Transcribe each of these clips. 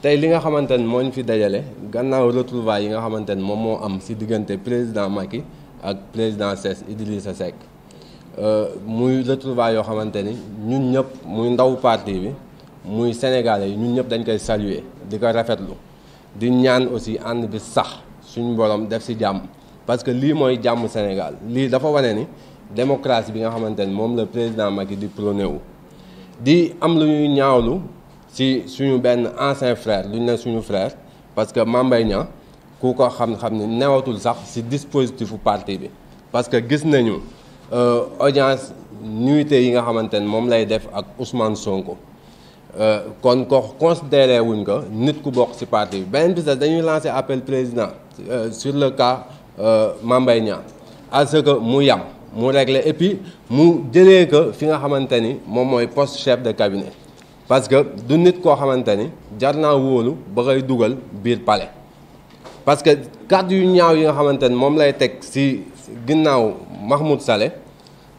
tey li nga xamante ne moo ñu fi dajale gannaaw retrouvailles yi nga xamante ne moom moo am si diggante président Macky ak président Cess Idrissa Seck euh, muy retrouvailles yoo xamante ni ñun ñëpp muy ndaw parti bi muy sénégalais yi ñun ñëpp dañ koy saluer di ko rafetlu di ñaan aussi ànd bi sax suñu borom def si jàmm parce que lii mooy jàmm Sénégal lii dafa wane ni démocratie bi nga xamante ni moom la président Macky di prôné wu di am lu ñuy ñaawlu. si suñu benn ancien frère duñu ñu suñu frère parce que Mame Mbaye Niang ku ko xam-xam ne newatul sax si dispositif parti bi parce que gis nañu euh, audience nuitées yi nga xamante ne moom lay def ak Ousmane Sonko euh, kon ko considéré wuñ ko nit ku bokk si parti bi beneen bi dañuy lancé appel président euh, sur le cas Mame Mbaye Niang que mu yam mu réglé et puis mu jëlee ko fi nga xamante ni moom mooy post chef de cabinet parce que du nit koo xamante ni jar naa wóolu ba koy dugal biir palais parce que kàddu yu ñaaw yi nga xamante ni moom lay teg si ginnaaw Mahmoud Saleh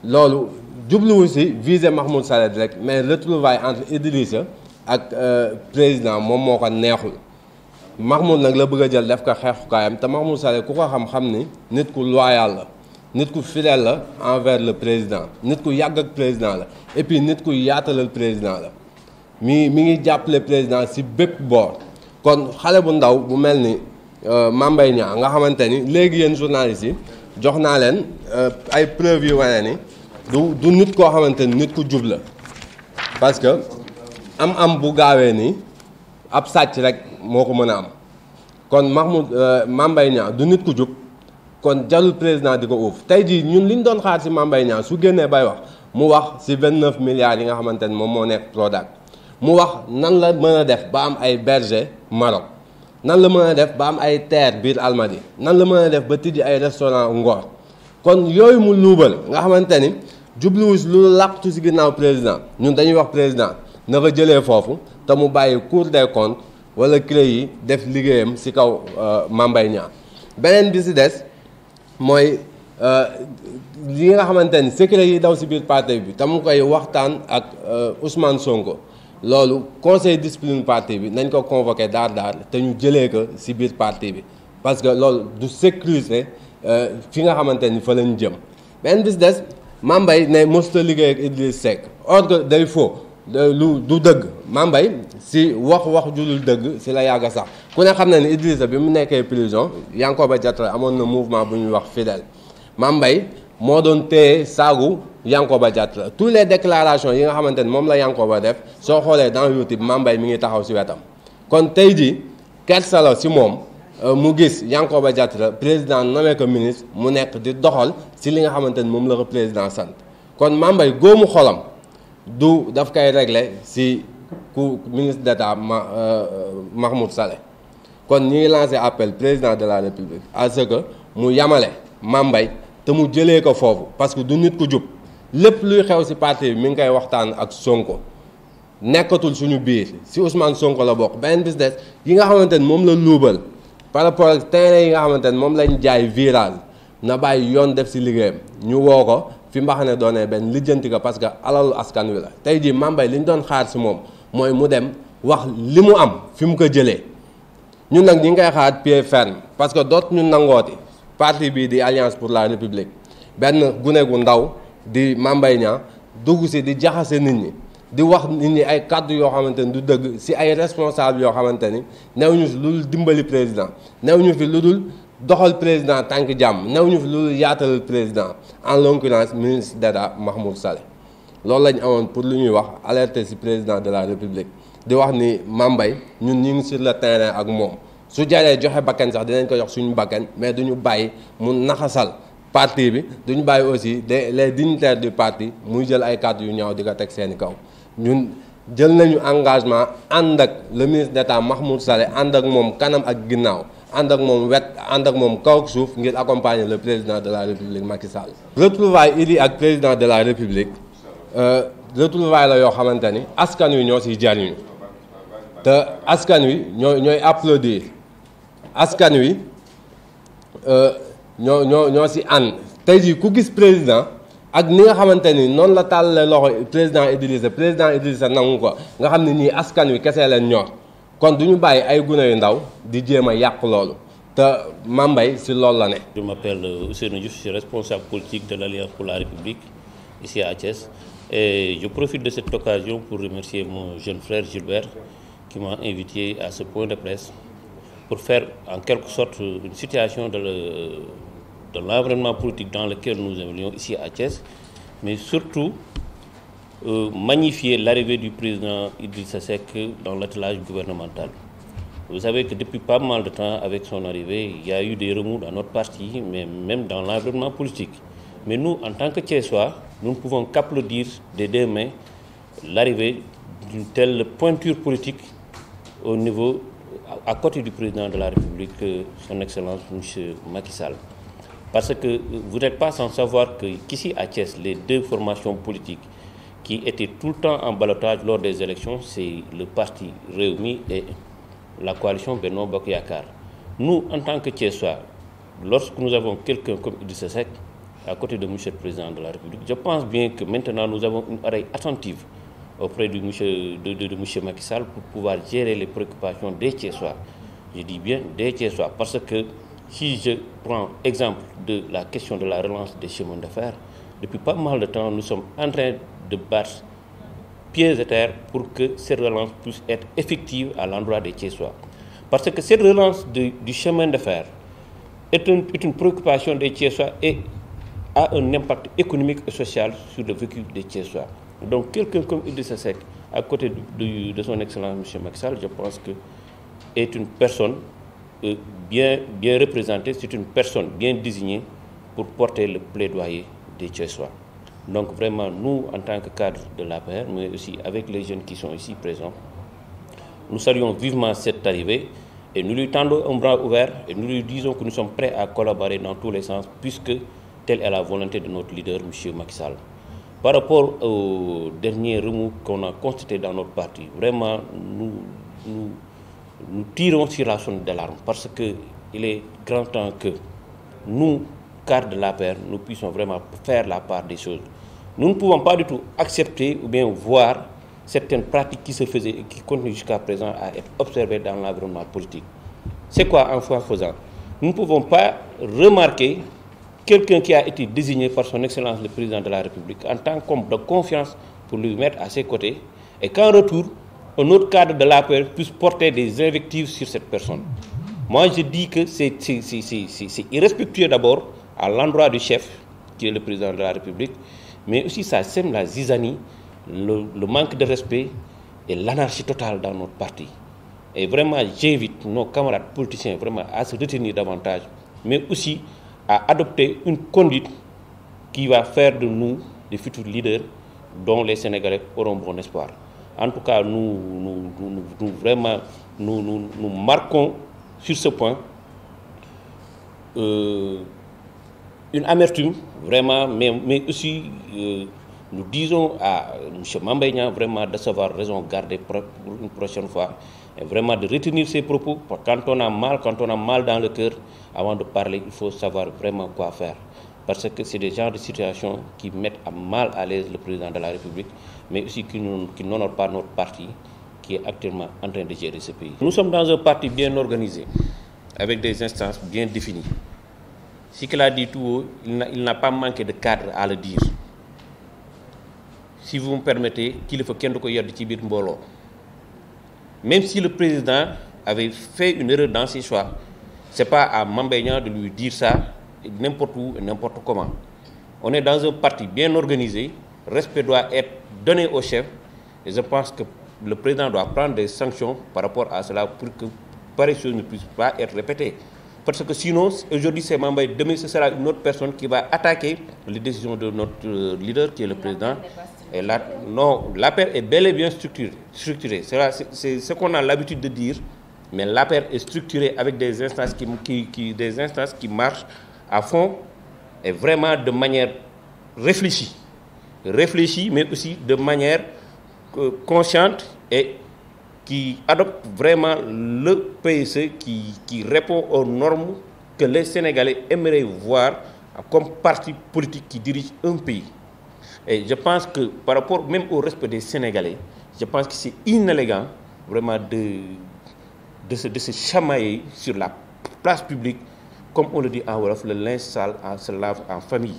loolu jubluwu si visé Mahmoud Saleh rek mais retrouvaille entre Idrissa ak euh, président moom moo ko neexul Mahmoud nag la bëgg a jël def ko xeexukaayam te Mahmoud Saleh ku ko xam-xam ni nit ku loyal la nit ku fidèle la envers le président nit ku yàgg ak président la et puis nit ku yaatalal président la mi mi ngi jàppale président si bépp boor kon xale bu ndaw bu mel ni euh, Mame Mbaye nga xamante ni léegi yéen journalistes yi jox naa leen euh, ay preuve yu wane ni du du nit koo xamante ni nit ku jub la parce que am am bu gaawee ni ab sàcc rek moo ko mën a am kon Mahmoud euh, Mame Mbaye Niang du nit ku jub kon jarul président di ko uuf tey jii ñun li ñu doon xaar si Mame Mbaye su génnee bay wax mu wax si 29 milliards yi nga xamante ni moom moo nekk Prodac mu wax nan la mën a def ba am ay berger Maroc nan la mën a def ba am ay terre biir Almadi nan la mën a def ba tijji ay restaurant Ngor kon yooyu mu luubal nga xamante ni jubluwu si lu làqtu si ginnaaw président ñun dañuy wax président na fa jëlee foofu te mu bàyyi Cour des comptes wala CREI yi def liggéeyam si kaw euh, Mame Mbaye Niang beneen bi si des mooy euh, li nga xamante ni secret yi daw si biir parti bi te mu koy waxtaan ak euh, Ousmane Sonko loolu conseil discipline parti bi nañ ko convoqué daar daar te ñu jëlee ko ci biir parti bi parce que loolu du sécuriser euh, fi nga xamante ni fa lañ jëm benn bis des Mambay ne mosta liggéey ak Idriss Seck or que day faux lu du dëgg Mambay si wax wax julul dëgg si la yàgg sax ku ne xam ne ni Idrissa bi mu nekkee prison ba Diattara amoon na mouvement bu ñuy wax fidèle Mambay moo doon téye saagu Yankoba la tous les déclarations yi nga xamante ne moom la Yankoba def soo xoolee dans YouTube Mame Mbaye mi ngi taxaw ci wetam kon tey ji kersa la ci moom euh, mu gis ba Yankoba la président nommé ko ministre mu nekk di doxal ci li nga xamante ne moom la ko président sant kon Mame Mbaye góomu xolam du daf kay régler ci ku ministre d'État ma euh, Mahmoud Saleh kon ñu ngi lancé appel président de la République à ce que mu yamale Mame te mu jëlee ko foofu parce que du nit ku jub lépp luy xew ci parti bi mi ngi koy waxtaan ak Sonko nekkatul suñu biir ci Ousmane sonk la bokk beneen bis des yi nga xamante ni moom la luubal par rapport ak terrain yi nga xamante ni moom lañu jaay viral na bàyyi yoon def ci liggéeyam ñu woo ko fi mbaxane ne doonee benn lijjanti ko parce que alalu askan wi la tey jii mambay li ñu doon xaar ci moom mooy mu dem wax li mu am fi mu ko jëlee ñun nag ñi ngi koy xaar pied parce que doot ñu parti bii di alliance pour la république benn gune gu ndaw di Mambay Niang dugg si di jaxase nit ñi di wax nit ñi ay kàddu yoo xamante ni du dëgg si ay responsable yoo xamante ni new ñu fi lu dul dimbali président new ñu fi lu dul doxal président tànk jàmm new ñu fi lu dul yaatalal président en l'occurrence ministre d'État Mahmoud Saleh loolu lañ amoon pour lu ñuy wax alerter si président de la république di wax ni Mambay ñun ñu ngi sur le terrain ak moom su jaree joxe bakkan sax dinañ ko jox suñu bakkan mais duñu bàyyi mu naxasal parti bi duñu bàyyi aussi de les dignitaires du parti muy jël ay cadres yu ñaaw di ko teg seeni kaw ñun jël nañu engagement ànd ak le ministre d'État Mahmoud Saleh ànd ak moom kanam ak ginnaaw ànd ak moom wet ànd ak moom kaw suuf ngir accompagner le président de la république Macky Sall. retrouvailles Idy ak président de la république euh, retrouvailles la yoo xamante ni askan wi ñoo siy jariñu te askan wi ñooy ñooy applaudir askan wi euh, ñoo ñoo ñoo si ànd tey jii ku gis président ak ni nga xamante ni noonu la tàllale loxo président Idrissa président Idrissa nangu ko nga xam ne nii askan wi kese leen ñor kon du ñu bàyyi ay gune yu ndaw di jéem a yàq loolu te Mambay si lool la ne. je m'appelle euh, Ousseynou Diouf je suis responsable politique de l'Alliance pour la République ici à Thiès et je profite de cette occasion pour remercier mon jeune frère Gilbert qui m'a invité à ce point de presse. pour faire en quelque sorte une situation de l'environnement le, politique dans lequel nous évoluons ici à Thiès, mais surtout euh, magnifier l'arrivée du président Idrissa Seck dans l'attelage gouvernemental. Vous savez que depuis pas mal de temps, avec son arrivée, il y a eu des remous dans notre parti, mais même dans l'environnement politique. Mais nous, en tant que Thiessois, nous ne pouvons qu'applaudir des deux mais l'arrivée d'une telle pointure politique au niveau à côté du président de la République, euh, son Excellence M. Macky Parce que vous n'êtes pas sans savoir qu'ici qu à Thiès, les deux formations politiques qui étaient tout le temps en balotage lors des élections, c'est le parti Réumi et la coalition Benoît Bokyakar. Nous, en tant que Thiessois, lorsque nous avons quelqu'un comme Idrissa Seck à côté de M. le Président de la République, je pense bien que maintenant nous avons une oreille attentive auprès du monsieur, de, de, de monsieur Macky Sall pour pouvoir gérer les préoccupations des Thiessois. Je dis bien des Thiessois parce que si je prends exemple de la question de la relance des chemins d'affaires, depuis pas mal de temps, nous sommes en train de battre pieds et terre pour que cette relance puisse être effective à l'endroit des sois Parce que cette relance de, du chemin de fer est une, est préoccupation des Thiessois et a un impact économique et social sur le vécu des Thiessois. Donc quelqu'un comme sa Seck, à côté de, de, de son excellence M. Maxal, je pense que une personne euh, bien, bien représentée, c'est une personne bien désignée pour porter le plaidoyer des Tchessois. Donc vraiment, nous, en tant que cadre de la paix, mais aussi avec les jeunes qui sont ici présents, nous saluons vivement cette arrivée et nous lui tendons un bras ouvert et nous lui disons que nous sommes prêts à collaborer dans tous les sens puisque telle est la volonté de Par rapport au dernier remous qu'on a constaté dans notre parti, vraiment, nous, nous, nous tirons sur la sonne d'alarme parce qu'il est grand temps que nous, cadres de la paire, nous puissions vraiment faire la part des choses. Nous ne pouvons pas du tout accepter ou bien voir certaines pratiques qui se faisaient et qui continuent jusqu'à présent à être observées dans l'environnement politique. C'est quoi en foi faisant Nous ne pouvons pas remarquer quelqu'un qui a été désigné par son excellence le président de la République en tant qu'homme de confiance pour lui mettre à ses côtés et qu'en retour, un autre cadre de la paix puisse porter des invectives sur cette personne. Moi, je dis que c'est irrespectueux d'abord à l'endroit du chef, qui est le président de la République, mais aussi ça sème la zizanie, le, le manque de respect et l'anarchie totale dans notre parti. Et vraiment, j'invite nos camarades à se retenir à adopter une conduite qui va faire de nous des futurs leaders dont les Sénégalais auront bon espoir. En tout cas, nous, nous, vraiment, nous, nous, nous, marquons sur ce point euh, une amertume, vraiment, mais, mais aussi, euh, nous disons à M. Mambeignan vraiment de savoir raison garder pour une prochaine fois et vraiment de retenir ses propos. Quand on a mal, quand mal dans le cœur, avant de parler, il faut savoir vraiment quoi faire. Parce que c'est des genres de situations qui mettent à mal à l'aise le président de la République, mais aussi qui, qui n'honorent pas notre parti qui est actuellement en train de gérer ce pays. Nous sommes dans un parti bien organisé, avec des instances bien définies. Ce qu'il a dit tout haut, il n'a pas manqué de cadre à le dire. Si vous me permettez, qu'il faut qu'il y ait de Même si le président avait fait une erreur dans ses choix, ce n'est pas à Mambéignan de lui dire ça n'importe où et n'importe comment. On est dans un parti bien organisé, respect doit être donné au chef et je pense que le président doit prendre des sanctions par rapport à cela pour que pareille chose ne puisse pas être répétée. parce que sinon aujourd'hui c'est Mame Mbaye demain ce sera une autre personne qui va attaquer les décisions de notre euh, leader qui est le président et la non l'APR est bel et bien structuré structuré c'est ce qu'on a l'habitude de dire mais l'APR est structuré avec des instances qui, qui, qui des instances qui marchent à fond et vraiment de manière réfléchie réfléchie mais aussi de manière euh, consciente et qui adopte vraiment le PSE qui, qui répond aux normes que les Sénégalais aimeraient voir comme parti politique qui dirige un pays. Et je pense que par rapport même au respect des Sénégalais, je pense que c'est inélégant vraiment de, de, se, de se chamailler sur la place publique. Comme on le dit en Wolof, le linge sale se lave en famille.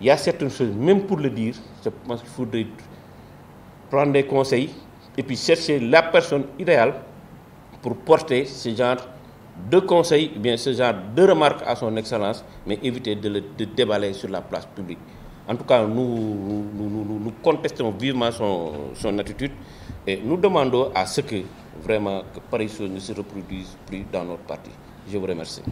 Il y a certaines choses, même pour le dire, je pense qu'il faudrait prendre des conseils et puis chercher la personne idéale pour porter ce genre de conseils, bien ce genre de remarques à son excellence, mais éviter de le de déballer sur la place publique. En tout cas, nous, nous, nous, nous contestons vivement son, son, attitude et nous demandons à ce que vraiment que Paris ne se reproduise plus dans notre parti. Je vous remercie.